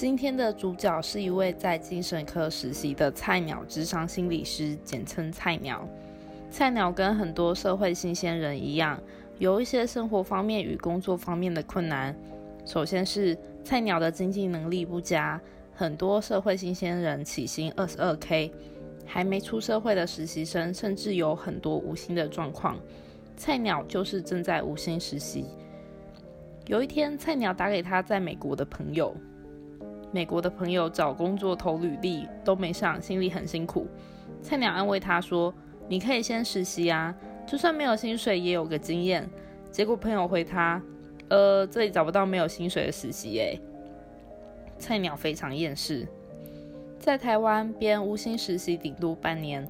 今天的主角是一位在精神科實習的菜鳥諮商心理師，簡稱菜鳥。菜鳥跟很多社會新鮮人一樣，有一些生活方面與工作方面的困難。首先是菜鳥的經濟能力不佳，很多社會新鮮人起薪二十二 k，還沒出社會的實習生甚至有很多無薪的狀況。菜鳥就是正在無薪實習。有一天，菜鳥打給他在美國的朋友。美國的朋友找工作投履歷都沒上，心裡很辛苦。菜鳥安慰他說：“你可以先實習啊，就算沒有薪水也有個經驗。”結果朋友回他：“呃，這裡找不到沒有薪水的實習耶。”菜鳥非常厭世，在台灣邊無薪實習頂多半年，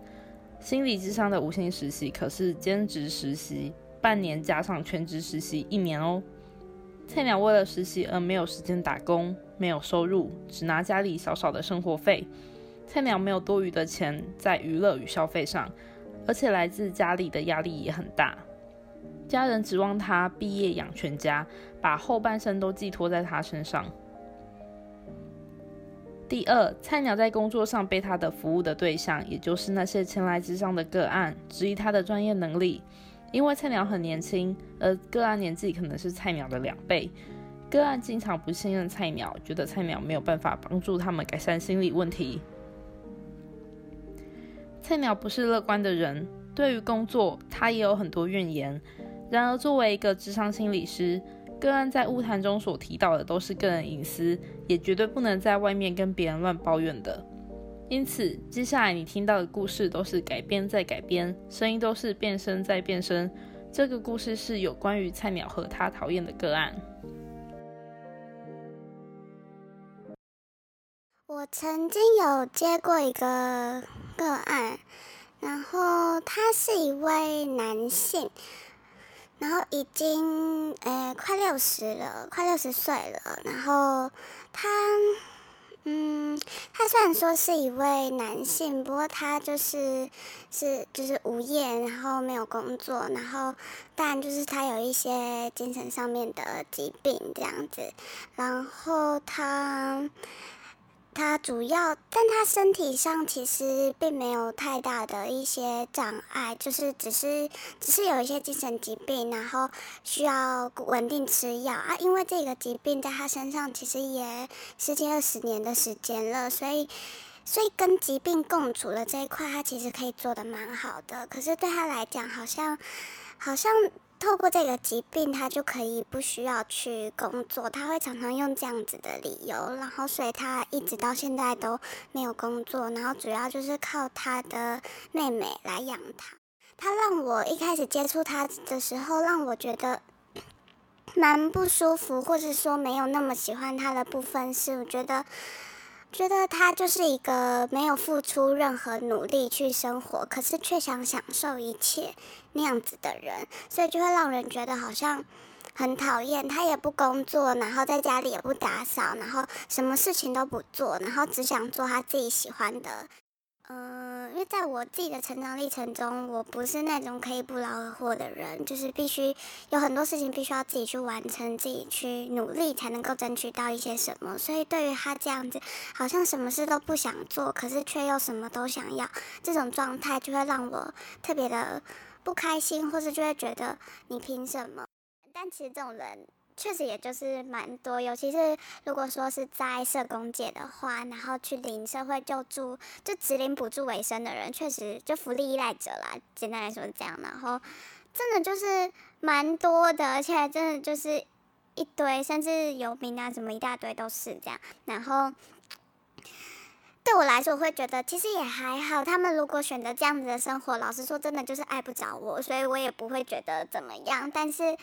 心理諮商的無薪實習可是兼職實習半年加上全職實習一年哦。菜鳥為了實習而沒有時間打工，沒有收入，只拿家裡少少的生活費。菜鳥沒有多餘的錢在娛樂與消費上，而且來自家裡的壓力也很大。家人指望他畢業養全家，把後半生都寄托在他身上。第二，菜鳥在工作上被他的服務的對象，也就是那些前來諮商的個案，質疑他的專業能力。因為菜鳥很年輕，而個案年紀可能是菜鳥的兩倍。個案經常不信任菜鳥，覺得菜鳥沒有辦法幫助他們改善心理問題。菜鳥不是樂觀的人，對於工作他也有很多怨言。然而，作為一個諮商心理師，個案在晤談中所提到的都是個人隱私，也絕對不能在外面跟別人亂抱怨的。因此，接下來你聽到的故事都是改編再改編，聲音都是變聲再變聲。這個故事是有關於菜鳥和他討厭的個案。我曾經有接過一個個案，然後他是一位男性，然後已經、欸、快六十了，快六十歲了，然後他。嗯，他雖然說是一位男性，不過他就是是就是無業，然後沒有工作，然後但就是他有一些精神上面的疾病這樣子，然後他。他主要，但他身體上其實並沒有太大的一些障礙，就是只是只是有一些精神疾病，然後需要穩定吃藥啊。因為這個疾病在他身上其實也十幾二十年的時間了，所以所以跟疾病共處的這一塊，他其實可以做得蠻好的。可是對他來講，好像好像。透過這個疾病，他就可以不需要去工作，他會常常用這樣子的理由，然後所以他一直到現在都沒有工作，然後主要就是靠他的妹妹來養他。他讓我一開始接觸他的時候，讓我覺得蠻不舒服，或是說沒有那麼喜歡他的部分，是我覺得。覺得他就是一個沒有付出任何努力去生活，可是卻想享受一切那樣子的人，所以就會讓人覺得好像很討厭，他也不工作，然後在家裡也不打掃，然後什麼事情都不做，然後只想做他自己喜歡的。嗯、呃，因為在我自己的成長歷程中，我不是那種可以不勞而獲的人，就是必須有很多事情必須要自己去完成，自己去努力才能夠爭取到一些什麼。所以對於他這樣子，好像什麼事都不想做，可是卻又什麼都想要，這種狀態就會讓我特別的不開心，或是就會覺得你憑什麼？但其實這種人。確實，也就是蠻多，尤其是如果說是在社工界的話，然後去領社會救助，就只領補助為生的人，確實就福利依賴者啦。簡單來說是這樣，然後真的就是蠻多的，而且真的就是一堆，甚至游民啊，什麼一大堆都是這樣。然後對我來說，我會覺得其實也還好，他們如果選擇這樣子的生活，老實說，真的就是愛不着我，所以我也不會覺得怎麼樣。但是。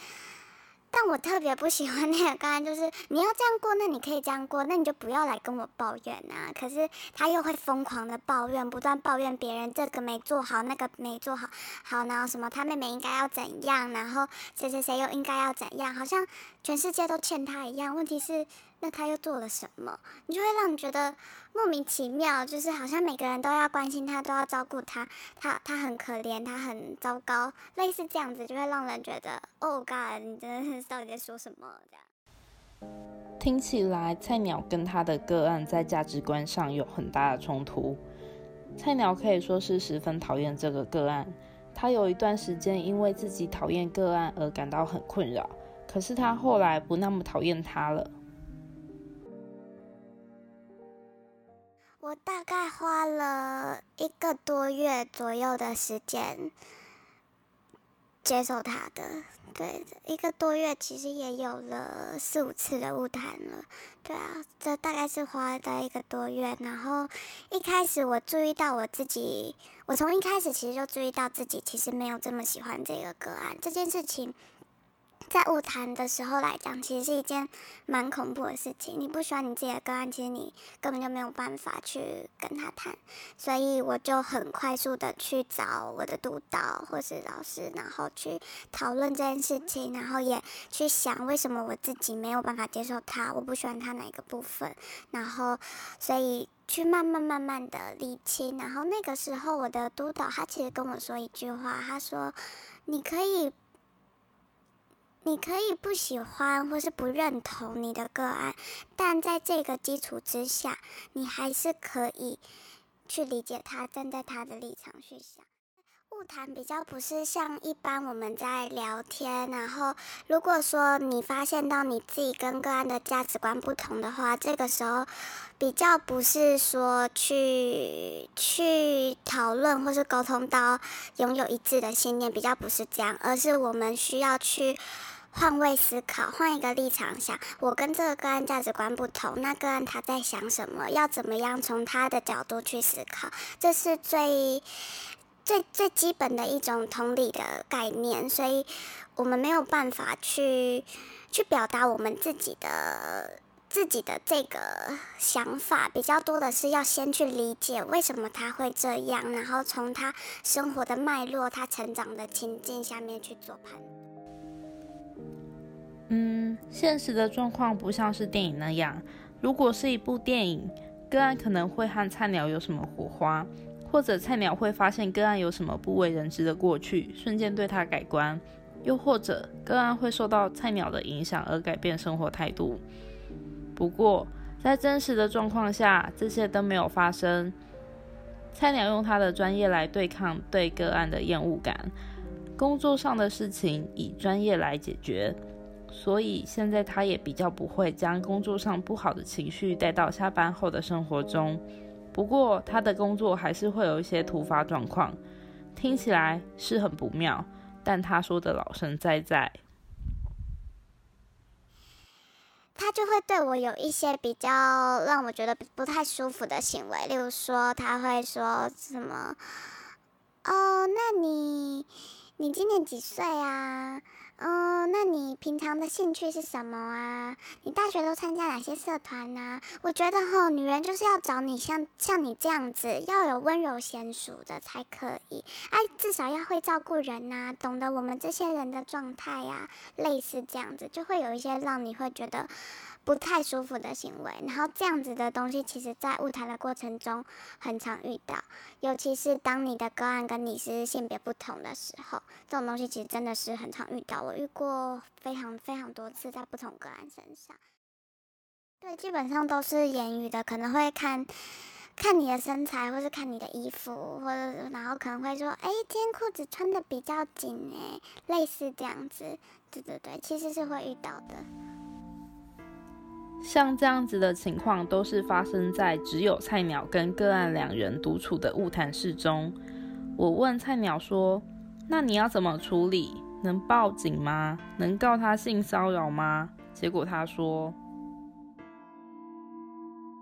但我特別不喜歡那個，剛剛就是你要這樣過，那你可以這樣過，那你就不要來跟我抱怨啊！可是他又會瘋狂的抱怨，不斷抱怨別人這個沒做好，那個沒做好，好，然後什麼他妹妹應該要怎樣，然後誰誰誰又應該要怎樣，好像全世界都欠他一樣。問題是，那他又做了什麼？你就會讓你覺得莫名其妙，就是好像每個人都要關心他，都要照顧他，他他很可憐，他很糟糕，類似這樣子就會讓人覺得，哦，Oh God！你真的是到底在說什麼？這樣。聽起來，菜鳥跟他的個案在價值觀上有很大的衝突。菜鳥可以說是十分討厭這個個案，他有一段時間因為自己討厭個案而感到很困擾，可是他後來不那麼討厭他了。我大概花了一個多月左右的時間接受他的。對，一個多月其實也有了四五次的晤談了，對啊，這大概是花了一個多月，然後一開始我注意到我自己，我從一開始其實就注意到自己其實沒有這麼喜歡這個個案這件事情。在晤談的時候來講，其實是一件蠻恐怖的事情。你不喜歡你自己的個案，其實你根本就沒有辦法去跟他談。所以我就很快速的去找我的督導或是老師，然後去討論這件事情，然後也去想為什麼我自己沒有辦法接受他，我不喜歡他哪一個部分，然後所以去慢慢慢慢的理清。然後那個時候我的督導他其實跟我說一句話，他說：“你可以。”你可以不喜歡或是不認同你的個案，但在這個基礎之下，你還是可以去理解他，站在他的立場去想。晤談比較不是像一般我們在聊天，然後如果說你發現到你自己跟個案的價值觀不同的話，這個時候比較不是說去去討論或是溝通到擁有一致的信念，比較不是這樣，而是我們需要去。換位思考，換一個立場想，我跟這個個案價值觀不同，那個案他在想什麼，要怎麼樣從他的角度去思考，這是最最最基本的一種同理的概念。所以，我們沒有辦法去去表達我們自己的自己的這個想法，比較多的是要先去理解為什麼他會這樣，然後從他生活的脈絡、他成長的情境下面去做判斷。嗯，現實的狀況不像是電影那樣。如果是一部電影，個案可能會和菜鳥有什麼火花，或者菜鳥會發現個案有什麼不為人知的過去，瞬間對他改觀。又或者，個案會受到菜鳥的影響而改變生活態度。不過，在真實的狀況下，這些都沒有發生。菜鳥用他的專業來對抗對個案的厭惡感，工作上的事情以專業來解決。所以現在他也比較不會將工作上不好的情緒帶到下班後的生活中。不過他的工作還是會有一些突發狀況，聽起來是很不妙，但他說的老神在在。他就會對我有一些比較讓我覺得不太舒服的行為，例如說他會說什麼：“哦，那你你今年幾歲啊？”嗯，那你平常的興趣是什麼啊？你大學都參加哪些社團呢、啊？我覺得哈，女人就是要找你像、像你這樣子，要有溫柔賢淑的才可以。哎、啊，至少要會照顧人吶、啊，懂得我們這些人的狀態呀，類似這樣子，就會有一些讓你會覺得不太舒服的行為。然後這樣子的東西，其實在晤談的過程中很常遇到，尤其是當你的個案跟你是性別不同的時候，這種東西其實真的是很常遇到。我遇過非常非常多次，在不同個案身上。對，基本上都是言語的，可能會看看你的身材，或是看你的衣服，或者然後可能會說：“哎，今天褲子穿得比較緊，哎，類似這樣子。”對對對，其實是會遇到的。像這樣子的情況，都是發生在只有菜鳥跟個案兩人獨處的晤談室中。我問菜鳥說：“那你要怎麼處理？”能報警嗎？能告他性騷擾嗎？結果他說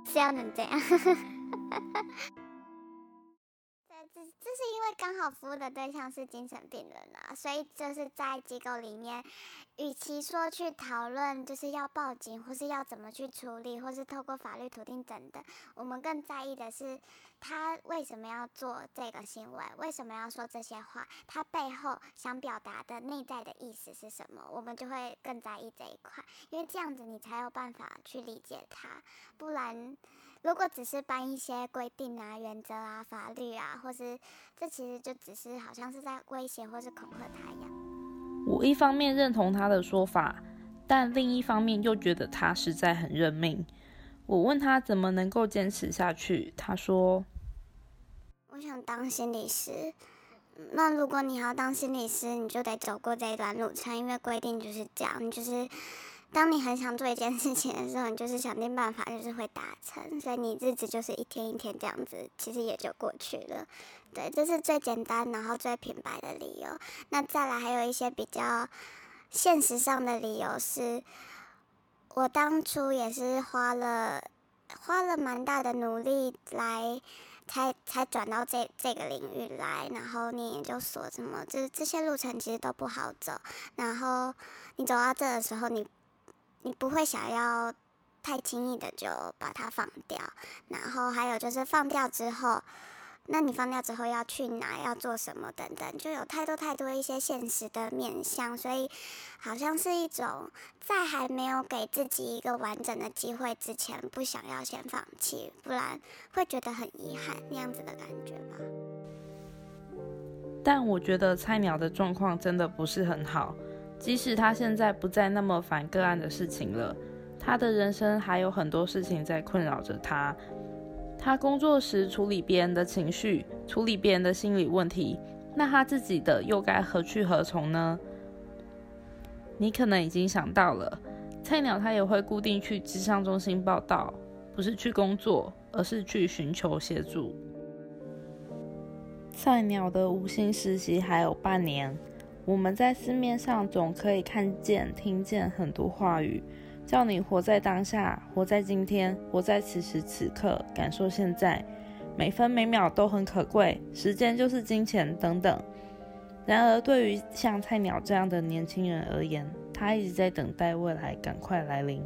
是要能這樣。 就是因為剛好服務的對象是精神病人啊，所以就是在機構裡面，與其說去討論就是要報警，或是要怎麼去處理，或是透過法律途徑等等，我們更在意的是他為什麼要做這個行為，為什麼要說這些話，他背後想表達的內在的意思是什麼，我們就會更在意這一塊，因為這樣子你才有辦法去理解他，不然。如果只是搬一些規定啊、原則啊、法律啊，或是這其實就只是好像是在威脅或是恐嚇他一樣。我一方面認同他的說法，但另一方面又覺得他實在很認命。我問他怎麼能夠堅持下去，他說：“我想當心理師，那如果你要當心理師，你就得走過這一段路程，因為規定就是這樣，你就是。”當你很想做一件事情的時候，你就是想盡辦法，就是會達成，所以你日子就是一天一天這樣子，其實也就過去了。對，這是最簡單，然後最平白的理由。那再來還有一些比較現實上的理由是，是我當初也是花了花了蠻大的努力來，才才轉到這這個領域來，然後你研究所，什麼，就是這些路程其實都不好走。然後你走到這的時候，你。你不會想要太輕易的就把它放掉，然後還有就是放掉之後，那你放掉之後要去哪，要做什麼等等，就有太多太多一些現實的面向，所以好像是一種在還沒有給自己一個完整的機會之前，不想要先放棄，不然會覺得很遺憾那樣子的感覺吧。但我覺得菜鳥的狀況真的不是很好。即使他現在不再那麼煩個案的事情了，他的人生還有很多事情在困擾着他。他工作時處理別人的情緒，處理別人的心理問題，那他自己的又該何去何從呢？你可能已經想到了，菜鳥他也會固定去諮商中心報到，不是去工作，而是去尋求協助。菜鳥的無薪實習還有半年。我們在市面上總可以看見、聽見很多話語，叫你活在當下，活在今天，活在此時此刻，感受現在，每分每秒都很可貴，時間就是金錢等等。然而，對於像菜鳥這樣的年輕人而言，他一直在等待未來趕快來臨。